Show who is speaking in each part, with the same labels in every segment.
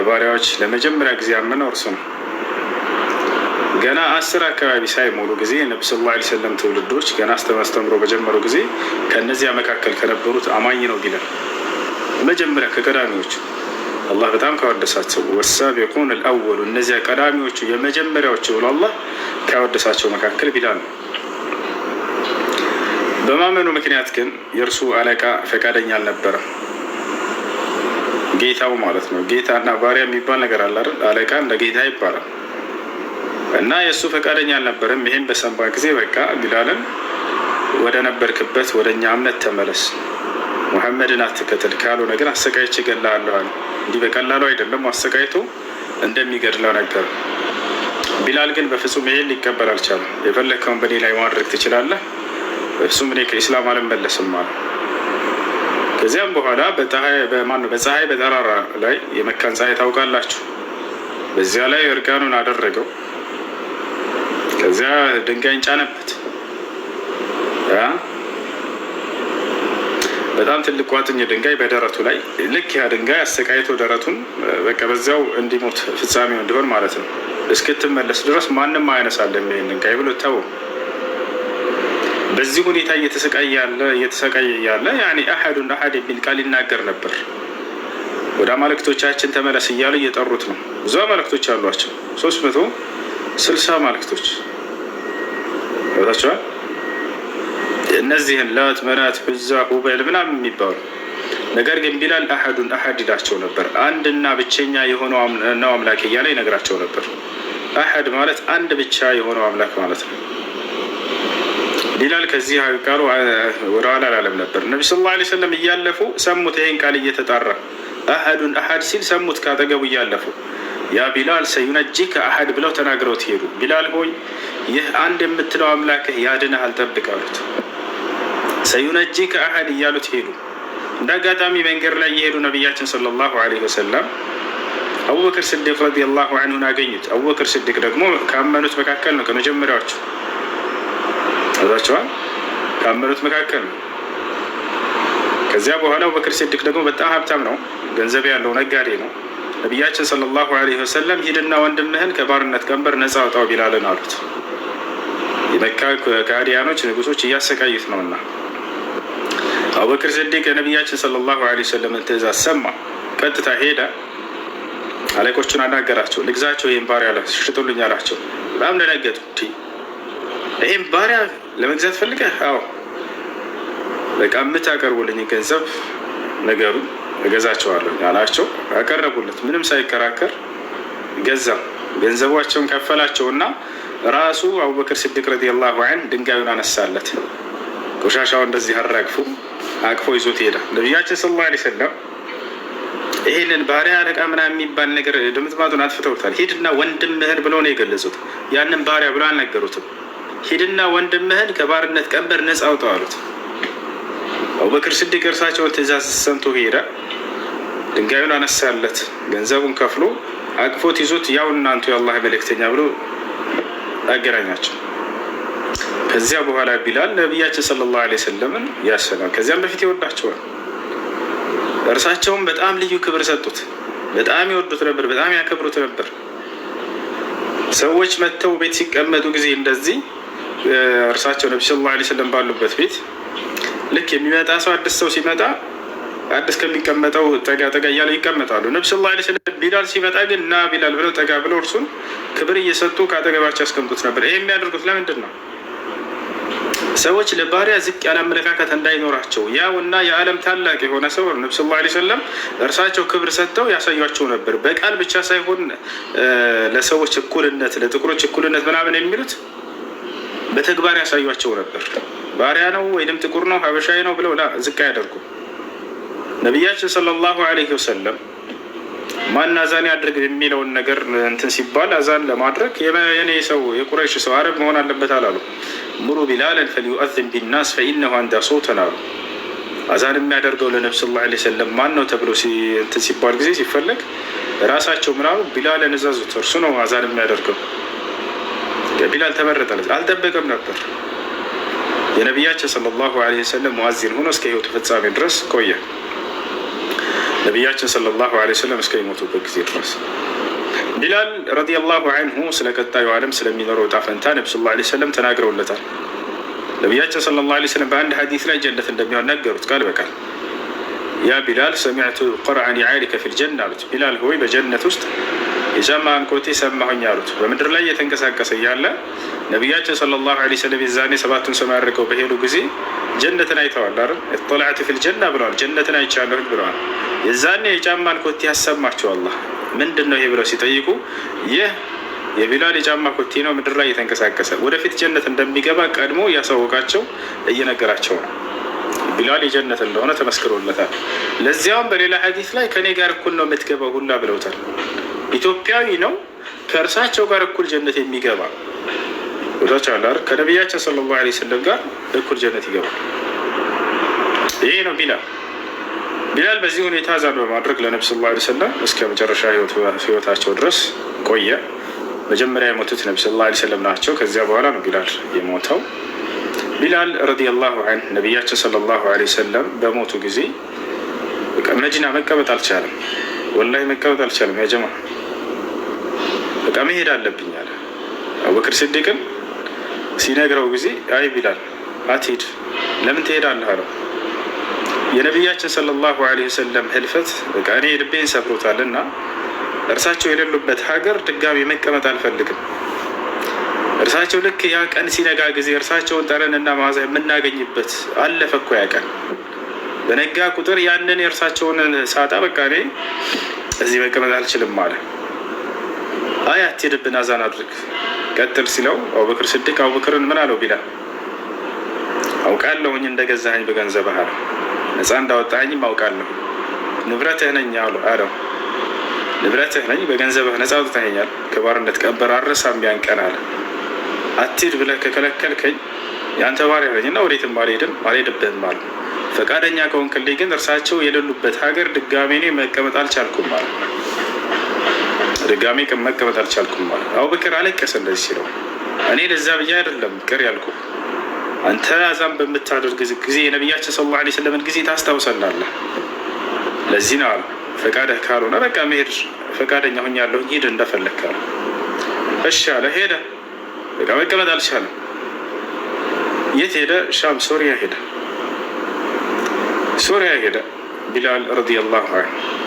Speaker 1: ለባሪያዎች ለመጀመሪያ ጊዜ ያመነው እርሱ ነው። ገና አስር አካባቢ ሳይሞሉ ጊዜ ነቢ ስ ላ ሰለም ትውልዶች ገና አስተማስተምሮ በጀመሩ ጊዜ ከእነዚያ መካከል ከነበሩት አማኝ ነው ቢለን መጀመሪያ ከቀዳሚዎቹ አላህ በጣም ካወደሳቸው ወሳቢቁን አወሉ እነዚያ ቀዳሚዎቹ የመጀመሪያዎቹ ብሎ አላህ ካወደሳቸው መካከል ቢላ ነው። በማመኑ ምክንያት ግን የእርሱ አለቃ ፈቃደኛ አልነበረም። ጌታው ማለት ነው። ጌታ እና ባሪያ የሚባል ነገር አለ አይደል? አለቃ እንደ ጌታ ይባላል። እና የእሱ ፈቃደኛ አልነበረም። ይሄን በሰንባ ጊዜ በቃ ቢላልን ወደ ነበርክበት ወደ እኛ እምነት ተመለስ፣ መሐመድን አትከተል፣ ካልሆነ ግን አሰቃይቼ እገድልሃለሁ እንዲህ በቀላሉ አይደለም አሰቃይቶ እንደሚገድለው ነገር። ቢላል ግን በፍጹም ይሄን ሊቀበል አልቻለም። የፈለግከውን በእኔ ላይ ማድረግ ትችላለህ፣ እሱም እኔ ከኢስላም አልመለስም አለ። ከዚያም በኋላ በማነው በፀሐይ በጠራራ ላይ የመካን ፀሐይ ታውቃላችሁ። በዚያ ላይ እርጋኑን አደረገው። ከዚያ ድንጋይን ጫነበት። በጣም ትልቅ ቋጥኝ ድንጋይ በደረቱ ላይ ልክ ያ ድንጋይ አሰቃይቶ ደረቱን በቃ በዚያው እንዲሞት ፍጻሜው እንዲሆን ማለት ነው። እስክትመለስ ድረስ ማንም አያነሳለም ይሄን ድንጋይ ብሎ ይታወም በዚህ ሁኔታ እየተሰቃየ ያለ እየተሰቃየ ያለ ያኔ አሐዱን አሐድ የሚል ቃል ይናገር ነበር። ወደ አማልክቶቻችን ተመለስ እያሉ እየጠሩት ነው። ብዙ አማልክቶች አሏቸው፣ ሶስት መቶ ስልሳ አማልክቶች ታቸዋል። እነዚህን ላት፣ መናት፣ ብዛ ሁበል ምናምን የሚባሉ ነገር ግን ቢላል አሐዱን አሐድ ይላቸው ነበር። አንድና ብቸኛ የሆነው ነው አምላክ እያለ ይነግራቸው ነበር። አሐድ ማለት አንድ ብቻ የሆነው አምላክ ማለት ነው። ቢላል ከዚህ ቃሉ ወደ ኋላ አላለም ነበር። ነቢ ስ ላ ሰለም እያለፉ ሰሙት። ይሄን ቃል እየተጣራ አሀዱን አሀድ ሲል ሰሙት። ካጠገቡ እያለፉ ያ ቢላል ሰዩነጂ ከአሀድ ብለው ተናግረው ትሄዱ። ቢላል ሆይ ይህ አንድ የምትለው አምላክህ ያድነህ ጠብቅ አሉት። ሰዩነጂከ ከአሀድ እያሉት ሄዱ። እንደ አጋጣሚ መንገድ ላይ የሄዱ ነቢያችን ሰለላሁ ዐለይሂ ወሰለም አቡበክር ስዲቅ ረዲየላሁ አንሁን አገኙት። አቡበክር ስዲቅ ደግሞ ካመኑት መካከል ነው ከመጀመሪያዎቹ ዘዛቸዋል ካመኑት መካከል ነው። ከዚያ በኋላው በክር ሲድቅ ደግሞ በጣም ሀብታም ነው፣ ገንዘብ ያለው ነጋዴ ነው። ነቢያችን ሰለላሁ ዐለይሂ ወሰለም ሂድና ወንድምህን ከባርነት ቀንበር ነፃ አውጣው ቢላልን አሉት። የመካ ከአዲያኖች ንጉሶች እያሰቃዩት ነውና አቡበክር ስዲቅ የነቢያችን ሰለላሁ ዐለይሂ ወሰለምን ትእዛዝ ሰማ። ቀጥታ ሄደ፣ አለቆቹን አናገራቸው። ልግዛቸው ይህም ባሪያ ሽጡልኝ አላቸው። በጣም ደነገጡ። ይህም ባሪያ ለመግዛት ፈልገህ? አዎ በቃ የምታቀርቡልኝ ገንዘብ ነገሩ እገዛቸዋለሁ አላቸው። አቀረቡለት ምንም ሳይከራከር ገዛ። ገንዘቧቸውን ከፈላቸውና ራሱ አቡበክር ስዲቅ ረዲየላሁ ዐንሁ ድንጋዩን አነሳለት። ቆሻሻው እንደዚህ አራግፉ አቅፎ ይዞት ሄዳ። ነቢያችን ሰለላሁ ዐለይሂ ወሰለም ይህንን ባሪያ አለቃ ምናምን የሚባል ነገር ድምጥማጡን አጥፍተውታል። ሂድና ወንድምህን ብለው ነው የገለጹት። ያንን ባሪያ ብሎ አልነገሩትም። ሂድና ወንድምህን ከባርነት ቀንበር ነፃ አውጣው አሉት። አቡበክር ስዲቅ እርሳቸውን ትእዛዝ ሰምቶ ሄደ። ድንጋዩን አነሳለት፣ ገንዘቡን ከፍሎ አቅፎት ይዞት ያው እናንቱ የአላህ መልእክተኛ ብሎ አገናኛቸው። ከዚያ በኋላ ቢላል ነቢያችን ሰለላሁ ዐለይሂ ወሰለምን ያሰላም ከዚያም በፊት ይወዳቸዋል። እርሳቸውም በጣም ልዩ ክብር ሰጡት። በጣም ይወዱት ነበር፣ በጣም ያከብሩት ነበር። ሰዎች መጥተው ቤት ሲቀመጡ ጊዜ እንደዚህ እርሳቸው ነቢ ሰለላሁ ዐለይሂ ወሰለም ባሉበት ቤት ልክ የሚመጣ ሰው አዲስ ሰው ሲመጣ አዲስ ከሚቀመጠው ጠጋ ጠጋ እያለው ይቀመጣሉ። ነቢ ሰለላሁ ዐለይሂ ወሰለም ቢላል ሲመጣ ግን ና ቢላል ብለው ጠጋ ብለው እርሱን ክብር እየሰጡ ከአጠገባቸው ያስቀምጡት ነበር። ይሄ የሚያደርጉት ለምንድን ነው? ሰዎች ለባሪያ ዝቅ ያለ አመለካከት እንዳይኖራቸው ያው እና የዓለም ታላቅ የሆነ ሰው ነብ ስ ላ ወሰለም እርሳቸው ክብር ሰጥተው ያሳያቸው ነበር። በቃል ብቻ ሳይሆን ለሰዎች እኩልነት፣ ለጥቁሮች እኩልነት ምናምን የሚሉት በተግባር ያሳዩቸው ነበር። ባሪያ ነው ወይንም ጥቁር ነው ሀበሻዊ ነው ብለው ዝቅ ያደርጉ። ነቢያችን ሰለላሁ አለይሂ ወሰለም ማን አዛን ያድርግ የሚለውን ነገር እንትን ሲባል አዛን ለማድረግ የኔ ሰው የቁረይሽ ሰው አረብ መሆን አለበት አላሉ። ሙሩ ቢላለን ፈሊዩአዝን ቢናስ ፈኢነሁ አንዳ ሶውተን አሉ። አዛን የሚያደርገው ለነብ ስ ላ ሰለም ማን ነው ተብሎ እንትን ሲባል ጊዜ ሲፈለግ ራሳቸው ምናሉ ቢላለን እዛዙት እርሱ ነው አዛን የሚያደርገው ቢላል ተመረጠለት። አልጠበቀም ነበር። የነቢያችን ሰለላሁ ዐለይሂ ወሰለም ሙአዚን ሆኖ እስከ ህይወቱ ፍጻሜ ድረስ ቆየ። ነቢያችን ሰለላሁ ዐለይሂ ወሰለም እስከ ይሞቱበት ጊዜ ድረስ ቢላል ረዲየላሁ አንሁ ስለ ቀጣዩ ዓለም ስለሚኖረው ዕጣ ፈንታ ነቢ ሰለላሁ ዐለይሂ ወሰለም ተናግረውለታል። ነቢያችን ሰለላሁ ዐለይሂ ወሰለም በአንድ ሐዲስ ላይ ጀነት እንደሚሆን ነገሩት ቃል በቃል ያ ቢላል ሰሚዕቱ ቀርዐን የዓሊከ ፊል ጀና አሉት። ቢላል ሆይ በጀነት ውስጥ የጫማህን አንኮቴ ሰማሁኝ አሉት። በምድር ላይ እየተንቀሳቀሰ እያለ ነቢያችን ሰለላሁ ዐለይሂ ወሰለም የዛኔ ሰባቱን ሰማይ አድርገው በሄዱ ጊዜ ጀነትን አይተዋል አ ኢጥለዐቱ ፊል ጀና ብለዋል። ጀነትን አይቻለሁኝ ብለዋል። የዛኔ የጫማን ኮቴ ያሰማቸው አላህ ምንድን ነው ይሄ ብለው ሲጠይቁ ይህ የቢላል የጫማ ኮቴ ነው፣ ምድር ላይ እየተንቀሳቀሰ ወደፊት ጀነት እንደሚገባ ቀድሞ እያሳወቃቸው እየነገራቸው ነው። ቢላል የጀነት እንደሆነ ተመስክሮለታል። ለዚያውም በሌላ ሀዲስ ላይ ከኔ ጋር እኩል ነው የምትገባው ሁላ ብለውታል። ኢትዮጵያዊ ነው። ከእርሳቸው ጋር እኩል ጀነት የሚገባ ወዳች አላር ከነቢያችን ሰለላሁ ዐለይሂ ወሰለም ጋር እኩል ጀነት ይገባል። ይሄ ነው ቢላል። ቢላል በዚህ ሁኔታ ዛን በማድረግ ለነቢ ስ ላ ወሰለም እስከ መጨረሻ ህይወታቸው ድረስ ቆየ። መጀመሪያ የሞቱት ነቢ ሰለላሁ ዐለይሂ ወሰለም ናቸው። ከዚያ በኋላ ነው ቢላል የሞተው። ቢላል ረዲየላሁ ዐንሁ ነቢያችን ሰለላሁ ዐለይሂ ወሰለም በሞቱ ጊዜ መዲና መቀመጥ አልቻለም። ወላሂ መቀመጥ አልቻለም ያጀማ በቃ መሄድ አለብኝ አለ። አቡበክር ሲዲቅን ሲነግረው ጊዜ አይ ቢላል አትሄድ፣ ለምን ትሄዳለህ አለው። የነቢያችን ሰለላሁ ዐለይሂ ወሰለም ህልፈት በቃ እኔ ልቤን ሰብሮታል እና እርሳቸው የሌሉበት ሀገር ድጋሚ መቀመጥ አልፈልግም። እርሳቸው ልክ ያ ቀን ሲነጋ ጊዜ እርሳቸውን ጠረንና ማዛ የምናገኝበት አለፈ እኮ ያ ቀን። በነጋ ቁጥር ያንን የእርሳቸውን ሳጣ በቃ እኔ እዚህ መቀመጥ አልችልም አለ። አይ አትሄድብን፣ አዛን አድርግ ቀጥል ሲለው አቡበክር ስዲቅ አቡበክርን ምን አለው ቢላል አውቃለሁኝ እንደገዛኸኝ በገንዘብ አለው። ነፃ እንዳወጣኝም አውቃለሁ ንብረትህ ነኝ አለው። ንብረትህ ነኝ በገንዘብህ ነፃ አውጥተኸኛል። ከባርነት ቀንበር አረሳም ቢያንቀን አለ። አትሂድ ብለህ ከከለከልከኝ የአንተ ባሪያ ነኝ እና ወዴትም አልሄድም አልሄድብህም አለ። ፈቃደኛ ከሆንክልኝ ግን እርሳቸው የሌሉበት ሀገር ድጋሜ እኔ መቀመጥ አልቻልኩም አለ። ድጋሜ መቀመጥ አልቻልኩም ማለት አቡበክር አለቀሰ እንደዚህ ሲለው እኔ ለዛ ብዬ አይደለም ቅር ያልኩ አንተ አዛን በምታደርግ ጊዜ የነቢያችን ስለ ላ ወሰለምን ጊዜ ታስታውሰናለህ ለዚህ ነው አሉ ፈቃደህ ካልሆነ በቃ መሄድ ፈቃደኛ ያለሁ ሂድ እንደፈለግ አሉ እሺ አለ ሄደ በቃ መቀመጥ አልቻለም የት ሄደ ሻም ሶሪያ ሄደ ሶሪያ ሄደ ቢላል ረዲየላሁ ዐንሁ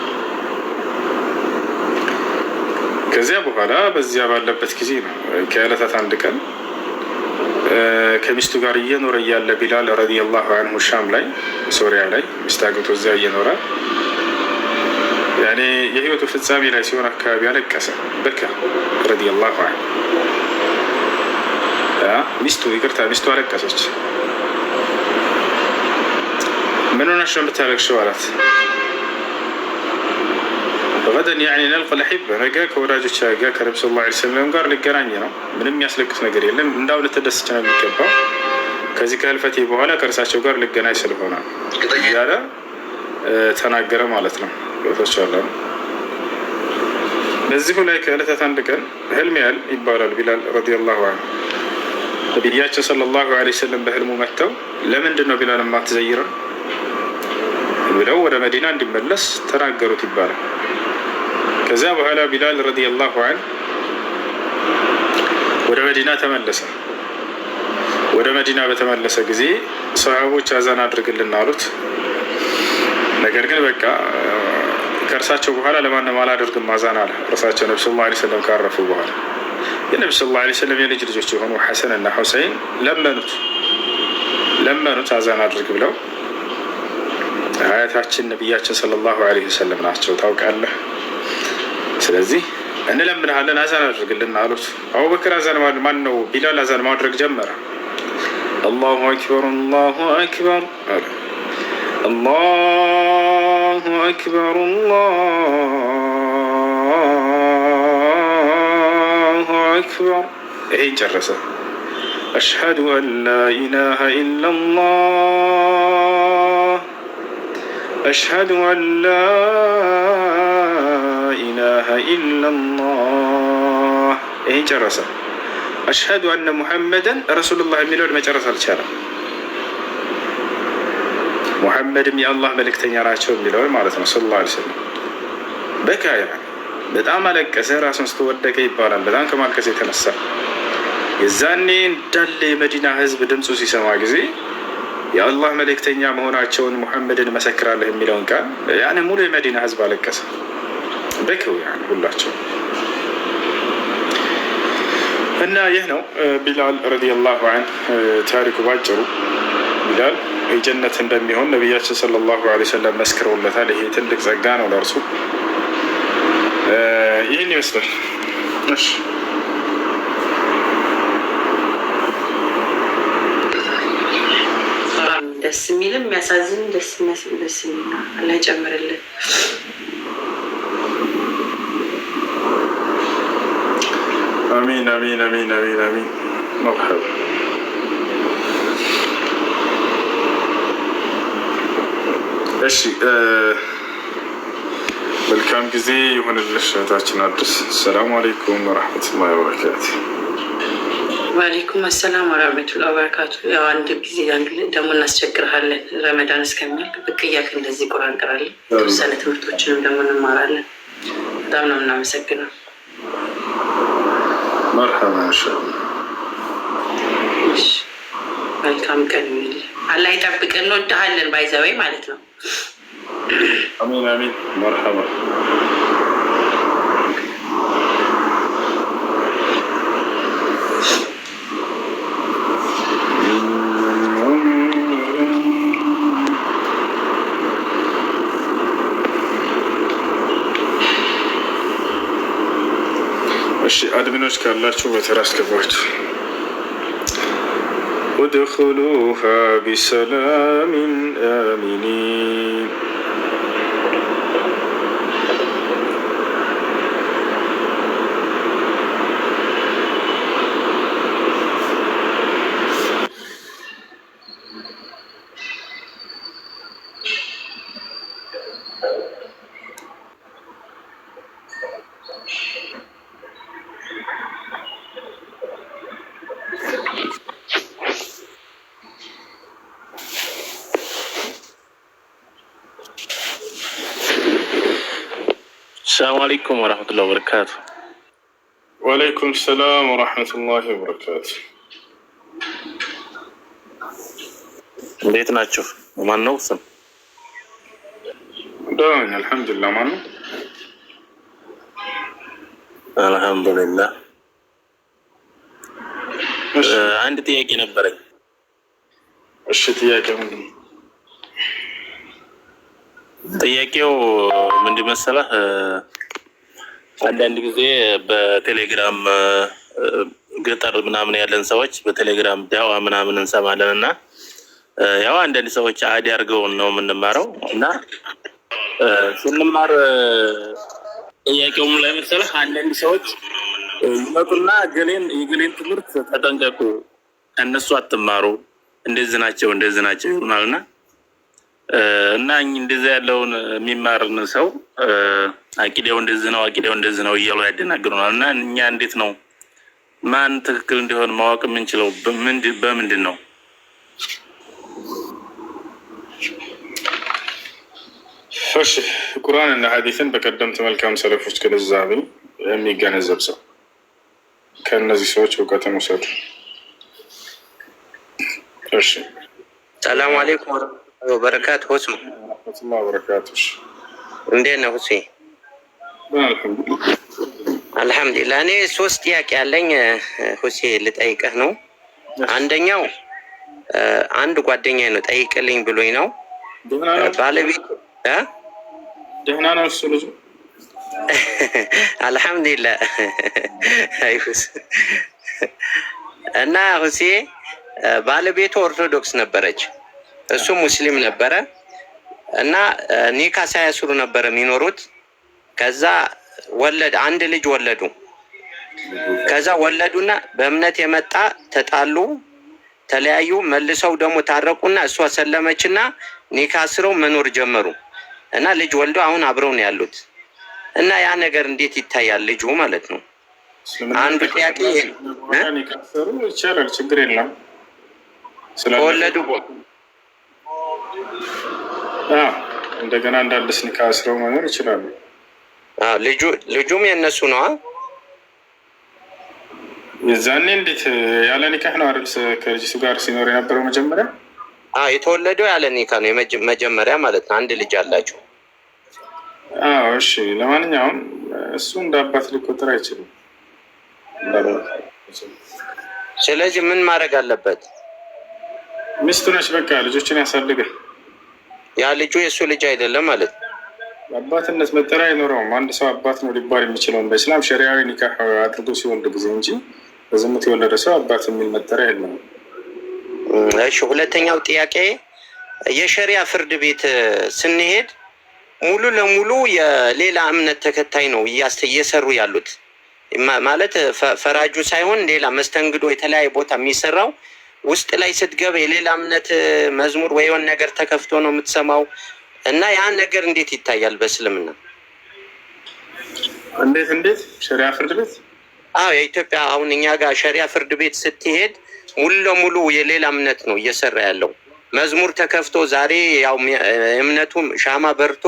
Speaker 1: ከዚያ በኋላ በዚያ ባለበት ጊዜ ነው ከእለታት አንድ ቀን ከሚስቱ ጋር እየኖረ እያለ ቢላል ረዲየላሁ አንሁ ሻም ላይ ሶሪያ ላይ ሚስት አግብቶ እዚያ እየኖረ ያኔ የህይወቱ ፍጻሜ ላይ ሲሆን አካባቢ አለቀሰ። በካ ረዲየላሁ አንሁ ሚስቱ ይቅርታ፣ ሚስቱ አለቀሰች። ምን ሆነሽ ነው የምታለቅሽው አላት። ወገደን ያኔ ነልቅ ለሒበ ነገ ከወዳጆች ጋር ከነብ ስ ላ ሰለም ጋር ሊገናኝ ነው። ምንም የሚያስለቅስ ነገር የለም። እንዳው ልትደስች ነው የሚገባው። ከዚህ ከህልፈቴ በኋላ ከእርሳቸው ጋር ልገናኝ ስለሆነ እያለ ተናገረ ማለት ነው። ቶቻለ በዚሁ ላይ ከዕለታት አንድ ቀን ህልም ያል ይባላል ቢላል ረዲየላሁ አንሁ ነቢያችን ሰለላሁ ዐለይሂ ወሰለም በህልሙ መጥተው ለምንድን ነው ቢላል ማትዘይረን ብለው ወደ መዲና እንዲመለስ ተናገሩት ይባላል። ከዚያ በኋላ ቢላል ረዲየላሁ አን ወደ መዲና ተመለሰ። ወደ መዲና በተመለሰ ጊዜ ሰሃቦች አዛን አድርግልን አሉት። ነገር ግን በቃ ከእርሳቸው በኋላ ለማንም አላደርግም አዛን አለ። እርሳቸው ነቢ ስለ ላ ስለም ካረፉ በኋላ የነቢ ስለ ላ ስለም የልጅ ልጆች የሆኑ ሐሰን እና ሁሰይን ለመኑት ለመኑት አዛን አድርግ ብለው አያታችን ነቢያችን ሰለላሁ ዐለይሂ ወሰለም ናቸው ታውቃለህ ስለዚህ እንለምንሃለን አዛን አድርግልን አሉት። አቡበክር አዛን ማን ነው ቢላል አዛን ማድረግ ጀመረ። አላሁ አክበር አላሁ አክበር አለ። አላሁ አክበር አላሁ አክበር። ይሄን ጨረሰ። አሽሀዱ አን ላ ኢላሃ ኢላላህ አሽሀዱ አን ላ ኢላሃ ኢለላህ። ይሄን ጨረሰ። አሽሀዱ አነ ሙሐመደን ረሱሉላህ የሚለውን መጨረስ አልቻለም። ሙሐመድም የአላህ መልእክተኛ ናቸው የሚለውን ማለት ነው። ስለ ላ ስለም በቃ በጣም አለቀሰ፣ ራሱን ስትወደቀ ይባላል። በጣም ከማልቀስ የተነሳ የዛኔ እንዳለ የመዲና ህዝብ ድምፁ ሲሰማ ጊዜ የአላህ መልእክተኛ መሆናቸውን ሙሐመድን መሰክራለህ የሚለውን ቃል ያኔ ሙሉ የመዲና ህዝብ አለቀሰ። በኪው ያን ሁላቸው እና ይህ ነው ቢላል ረዲየላሁ አንሁ ታሪኩ ባጭሩ። ቢላል የጀነት እንደሚሆን ነቢያችን ሰለላሁ ዐለይሂ ወሰለም መስክረውለታል። ይሄ ትልቅ ጸጋ ነው ለእርሱ። ይህን ይመስላል። እሺ
Speaker 2: ደስ የሚልም የሚያሳዝን ደስ ደስ የሚል አላህ ይጨምርልን።
Speaker 1: አሚን አሚን አሚን አሚን አሚን። መርሐባ እሺ፣ መልካም ጊዜ ይሁንልሽ እህታችን አዲስ። ሰላም አሌይኩም ወረሕመቱላሂ ወበረካቱ።
Speaker 2: ወአሌይኩም አሰላም ወረሕመቱላሂ ወበረካቱ። ያው አንድ ጊዜ ደግሞ እናስቸግርሃለን ረመዳን እስከሚያልቅ ብቅ እያልክ እንደዚህ ቁራንቅራለን የተወሰነ ትምህርቶችንም ደግሞ እንማራለን። በጣም ነው የምናመሰግነው።
Speaker 1: መርሐባ እንሻላ
Speaker 2: መልካም ቀን ይሁንል። አላህ ይጠብቅን። እንወድሃለን። ባይዘወይ ማለት ነው።
Speaker 1: አሚን አሚን። መርሐባ ሙእሚኖች ካላችሁ በተራ አስገባችሁ። ኡድኹሉሃ ቢሰላሚን አሚኒን
Speaker 3: السلام عليكم ورحمة الله وبركاته
Speaker 1: وعليكم السلام ورحمة الله وبركاته
Speaker 3: بيتنا تشوف وما نوصل
Speaker 1: دائما الحمد لله ما
Speaker 3: الحمد لله آه عندي تياجي نبري
Speaker 1: وش تياجي
Speaker 3: ጥያቄው ምንድን መሰለህ? አንዳንድ ጊዜ በቴሌግራም ገጠር ምናምን ያለን ሰዎች በቴሌግራም ዳዋ ምናምን እንሰማለን እና ያው አንዳንድ ሰዎች አዲ አድርገውን ነው የምንማረው እና ስንማር ጥያቄውም ላይ መሰለህ አንዳንድ ሰዎች ይመጡና ገሌን የገሌን ትምህርት ተጠንቀቁ፣ እነሱ አትማሩ፣ እንደዚህ ናቸው እንደዚህ ናቸው ይሆናልና እና እንደዚ ያለውን የሚማርን ሰው አቂዳው እንደዚህ ነው፣ አቂዳው እንደዚህ ነው እያሉ ያደናግሩናል። እና እኛ እንዴት ነው ማን ትክክል እንዲሆን ማወቅ የምንችለው በምንድን ነው?
Speaker 1: እሺ ቁርአን እና ሀዲትን በቀደምት መልካም ሰለፎች ግንዛቤ የሚገነዘብ ሰው ከእነዚህ ሰዎች እውቀትን ውሰዱ።
Speaker 3: እሺ ሰላሙ አሌይኩም በረካት ወበረካቱ
Speaker 1: ሁስሙ በረካቶች
Speaker 3: እንዴት ነው ሁሴ? አልሐምዱላ እኔ ሶስት ጥያቄ ያለኝ ሁሴ ልጠይቀህ ነው። አንደኛው አንድ ጓደኛ ነው ጠይቅልኝ ብሎኝ ነው
Speaker 1: ባለቤት ደህና ነው እሱ ልጁ
Speaker 3: አልሐምዱሊላህ። አይሁስ እና ሁሴ ባለቤቱ ኦርቶዶክስ ነበረች እሱ ሙስሊም ነበረ እና ኒካ ሳያስሩ ነበር የሚኖሩት። ከዛ ወለድ አንድ ልጅ ወለዱ። ከዛ ወለዱና በእምነት የመጣ ተጣሉ፣ ተለያዩ። መልሰው ደግሞ ታረቁና እሷ ሰለመችና ኒካ አስረው መኖር ጀመሩ እና ልጅ ወልዶ አሁን አብረው ነው ያሉት። እና ያ ነገር እንዴት ይታያል? ልጁ ማለት ነው። አንዱ ጥያቄ ይሄ
Speaker 1: ነው። ችግር የለም ከወለዱ እንደገና አዲስ ኒካ አስረው መኖር ይችላሉ።
Speaker 3: ልጁም የእነሱ ነዋ?
Speaker 1: የዛኔ እንዴት ያለ ኒካህ ነው አረብ ከልጅሱ ጋር ሲኖር የነበረው መጀመሪያ
Speaker 3: የተወለደው ያለ ኒካ ነው መጀመሪያ ማለት ነው። አንድ ልጅ አላቸው።
Speaker 1: እሺ፣ ለማንኛውም እሱ እንደ አባት ሊቆጠር አይችልም።
Speaker 3: ስለዚህ ምን ማድረግ አለበት?
Speaker 1: ሚስቱ ነች፣ በቃ ልጆችን ያሳድጋል።
Speaker 3: ያ ልጁ የእሱ ልጅ አይደለም ማለት ነው።
Speaker 1: አባትነት መጠሪያ አይኖረውም። አንድ ሰው አባት ነው ሊባል የሚችለውን በኢስላም ሸሪያዊ ኒካህ አድርጎ ሲወልድ ጊዜ እንጂ በዝሙት የወለደ ሰው አባት የሚል መጠሪያ የለውም።
Speaker 3: እሺ፣ ሁለተኛው ጥያቄ የሸሪያ ፍርድ ቤት ስንሄድ ሙሉ ለሙሉ የሌላ እምነት ተከታይ ነው እየሰሩ ያሉት ማለት ፈራጁ ሳይሆን ሌላ መስተንግዶ የተለያየ ቦታ የሚሰራው ውስጥ ላይ ስትገባ የሌላ እምነት መዝሙር ወይ የሆነ ነገር ተከፍቶ ነው የምትሰማው እና ያ ነገር እንዴት ይታያል በእስልምና?
Speaker 1: እንዴት እንዴት ሸሪያ ፍርድ ቤት?
Speaker 3: አዎ የኢትዮጵያ አሁን እኛ ጋር ሸሪያ ፍርድ ቤት ስትሄድ ሙሉ ለሙሉ የሌላ እምነት ነው እየሰራ ያለው መዝሙር ተከፍቶ ዛሬ ያው እምነቱም ሻማ በርቶ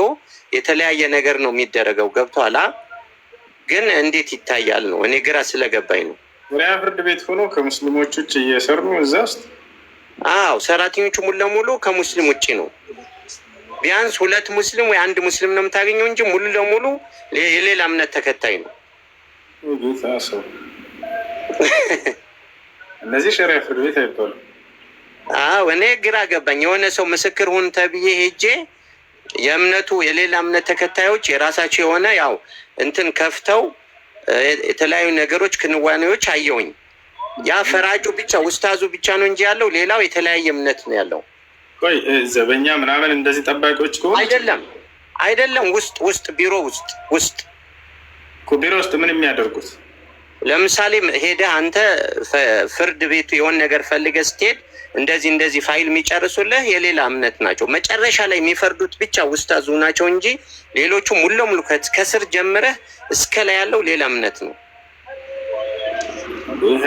Speaker 3: የተለያየ ነገር ነው የሚደረገው። ገብቷላ? ግን እንዴት ይታያል ነው እኔ ግራ ስለገባኝ ነው።
Speaker 1: ሪያ ፍርድ ቤት ሆኖ ከሙስሊሞች ውጭ እየሰሩ እዛ ውስጥ
Speaker 3: አዎ፣ ሰራተኞቹ ሙሉ ለሙሉ ከሙስሊም ውጭ ነው። ቢያንስ ሁለት ሙስሊም ወይ አንድ ሙስሊም ነው የምታገኘው እንጂ ሙሉ ለሙሉ የሌላ እምነት ተከታይ ነው።
Speaker 1: እነዚህ ሸሪያ ፍርድ ቤት አይባሉ።
Speaker 3: አዎ፣ እኔ ግራ ገባኝ። የሆነ ሰው ምስክር ሁን ተብዬ ሄጄ የእምነቱ የሌላ እምነት ተከታዮች የራሳቸው የሆነ ያው እንትን ከፍተው የተለያዩ ነገሮች ክንዋኔዎች አየውኝ። ያ ፈራጩ ብቻ ውስታዙ ብቻ ነው እንጂ ያለው ሌላው የተለያየ እምነት ነው ያለው።
Speaker 1: ቆይ ዘበኛ ምናምን እንደዚህ ጠባቂዎች ከሆኑ አይደለም
Speaker 3: አይደለም፣ ውስጥ ውስጥ ቢሮ ውስጥ ውስጥ
Speaker 1: ቢሮ ውስጥ ምን የሚያደርጉት
Speaker 3: ለምሳሌ ሄደህ አንተ ፍርድ ቤቱ የሆን ነገር ፈልገህ ስትሄድ እንደዚህ እንደዚህ ፋይል የሚጨርሱልህ የሌላ እምነት ናቸው። መጨረሻ ላይ የሚፈርዱት ብቻ ውስታዙ ናቸው እንጂ ሌሎቹ ሙሉ ለሙሉ ከስር ጀምረህ እስከ ላይ ያለው ሌላ እምነት ነው።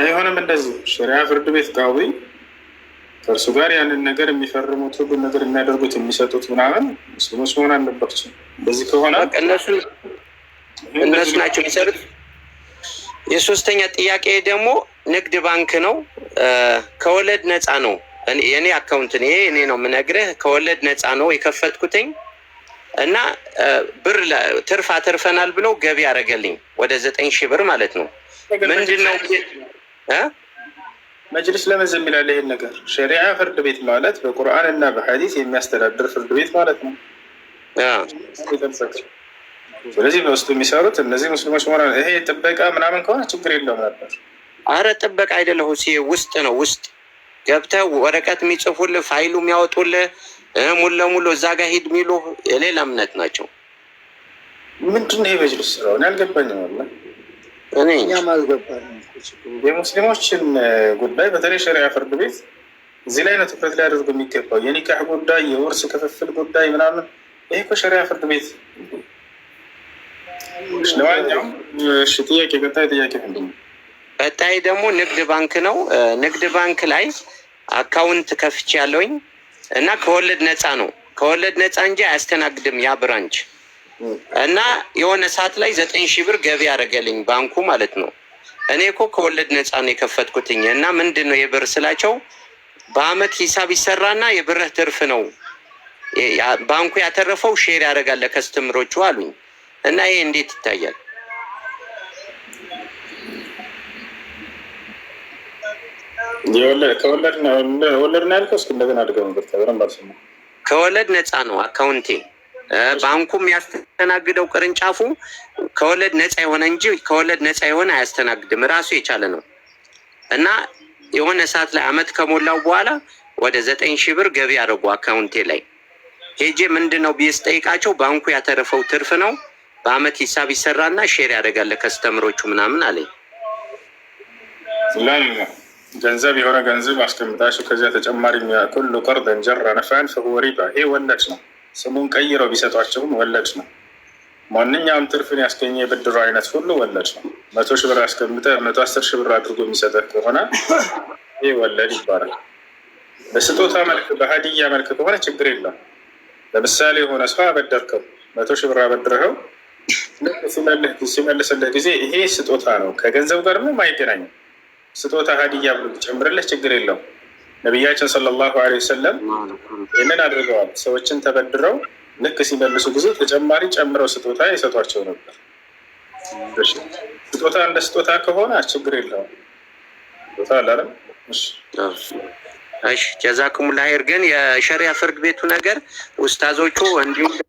Speaker 1: ይህ እንደዚህ ሸሪያ ፍርድ ቤት ቃዊ ከእርሱ ጋር ያንን ነገር የሚፈርሙት ሁሉ ነገር የሚያደርጉት የሚሰጡት ምናምን ሙስሊሞች መሆን አለባቸው። እንደዚህ ከሆነ
Speaker 3: እነሱ ናቸው የሚሰሩት የሶስተኛ ጥያቄ ደግሞ ንግድ ባንክ ነው። ከወለድ ነፃ ነው። የእኔ አካውንትን ይሄ እኔ ነው የምነግርህ። ከወለድ ነፃ ነው የከፈትኩትኝ እና ብር ትርፍ አተርፈናል ብለው ገቢ ያደረገልኝ ወደ ዘጠኝ ሺህ ብር ማለት ነው። ምንድን ነው
Speaker 1: መጅልስ ለመዝ የሚላለ ይህን ነገር ሸሪዓ ፍርድ ቤት ማለት በቁርአን እና በሀዲስ የሚያስተዳድር ፍርድ ቤት ማለት ነው። ስለዚህ በውስጡ የሚሰሩት እነዚህ ሙስሊሞች ሆነ ይሄ ጥበቃ ምናምን ከሆነ ችግር የለውም ነበር።
Speaker 3: አረ ጥበቃ አይደለም፣ ውስጥ ነው ውስጥ ገብተህ ወረቀት የሚጽፉልህ ፋይሉ የሚያወጡልህ ሙሉ ለሙሉ እዛ ጋር ሂድ የሚሉ የሌላ እምነት ናቸው።
Speaker 1: ምንድን ነው የመጅልስ ስራው? እኔ አልገባኝም።
Speaker 3: እኛም አልገባኝም።
Speaker 1: የሙስሊሞችን ጉዳይ በተለይ ሸሪያ ፍርድ ቤት እዚህ ላይ ነው ትኩረት ሊያደርጉ የሚገባው። የኒካህ ጉዳይ፣ የውርስ ክፍፍል ጉዳይ ምናምን ይሄ እኮ ሸሪያ ፍርድ ቤት ጥያቄ ቀጣይ ጥያቄ
Speaker 3: ቀጣይ ደግሞ ንግድ ባንክ ነው። ንግድ ባንክ ላይ አካውንት ከፍቼ ያለውኝ እና ከወለድ ነፃ ነው። ከወለድ ነፃ እንጂ አያስተናግድም ያ ብራንች እና የሆነ ሰዓት ላይ ዘጠኝ ሺህ ብር ገቢ ያደረገልኝ ባንኩ ማለት ነው። እኔ እኮ ከወለድ ነፃ ነው የከፈትኩትኝ እና ምንድን ነው የብር ስላቸው በአመት ሂሳብ ይሰራና የብርህ ትርፍ ነው ባንኩ ያተረፈው ሼር ያደርጋል ለከስተምሮቹ አሉኝ። እና ይሄ እንዴት ይታያል? ከወለድ ነፃ ነው አካውንቴ። ባንኩ የሚያስተናግደው ቅርንጫፉ ከወለድ ነፃ የሆነ እንጂ ከወለድ ነፃ የሆነ አያስተናግድም። ራሱ የቻለ ነው እና የሆነ ሰዓት ላይ አመት ከሞላው በኋላ ወደ ዘጠኝ ሺህ ብር ገቢ አድርጉ አካውንቴ ላይ ሄጄ ምንድን ነው ብዬ ስጠይቃቸው ባንኩ ያተረፈው ትርፍ ነው በአመት ሂሳብ ይሰራና ሼር ያደርጋል ከስተምሮቹ ምናምን አለኝ።
Speaker 1: ገንዘብ የሆነ ገንዘብ አስቀምጣችሁ ከዚያ ተጨማሪ ኩሉ ቀርደን ጀራ ነፋን ፈሁወ ሪባ። ይሄ ወለድ ነው። ስሙን ቀይረው ቢሰጧቸውም ወለድ ነው። ማንኛውም ትርፍን ያስገኘ የብድሩ አይነት ሁሉ ወለድ ነው። መቶ ሺህ ብር መቶ አስር ሽብር ብር አድርጎ የሚሰጠ ከሆነ ይህ ወለድ ይባላል። በስጦታ መልክ በሀዲያ መልክ ከሆነ ችግር የለም። ለምሳሌ የሆነ ሰው አበደርከው መቶ ሺህ ብር አበድረኸው ሲመልስልህ ጊዜ ይሄ ስጦታ ነው፣ ከገንዘብ ጋር ምንም አይገናኝም። ስጦታ ሀዲያ ብሎ ጨምርለህ ችግር የለው። ነቢያችን ሰለላሁ ዐለይሂ ወሰለም ይህንን አድርገዋል። ሰዎችን ተበድረው ልክ ሲመልሱ ጊዜ ተጨማሪ ጨምረው ስጦታ ይሰጧቸው ነበር። ስጦታ እንደ ስጦታ ከሆነ ችግር የለውም። ቦታ
Speaker 3: ጀዛኩሙላህ ኸይር። ግን የሸሪያ ፍርድ ቤቱ ነገር ውስታዞቹ እንዲሁም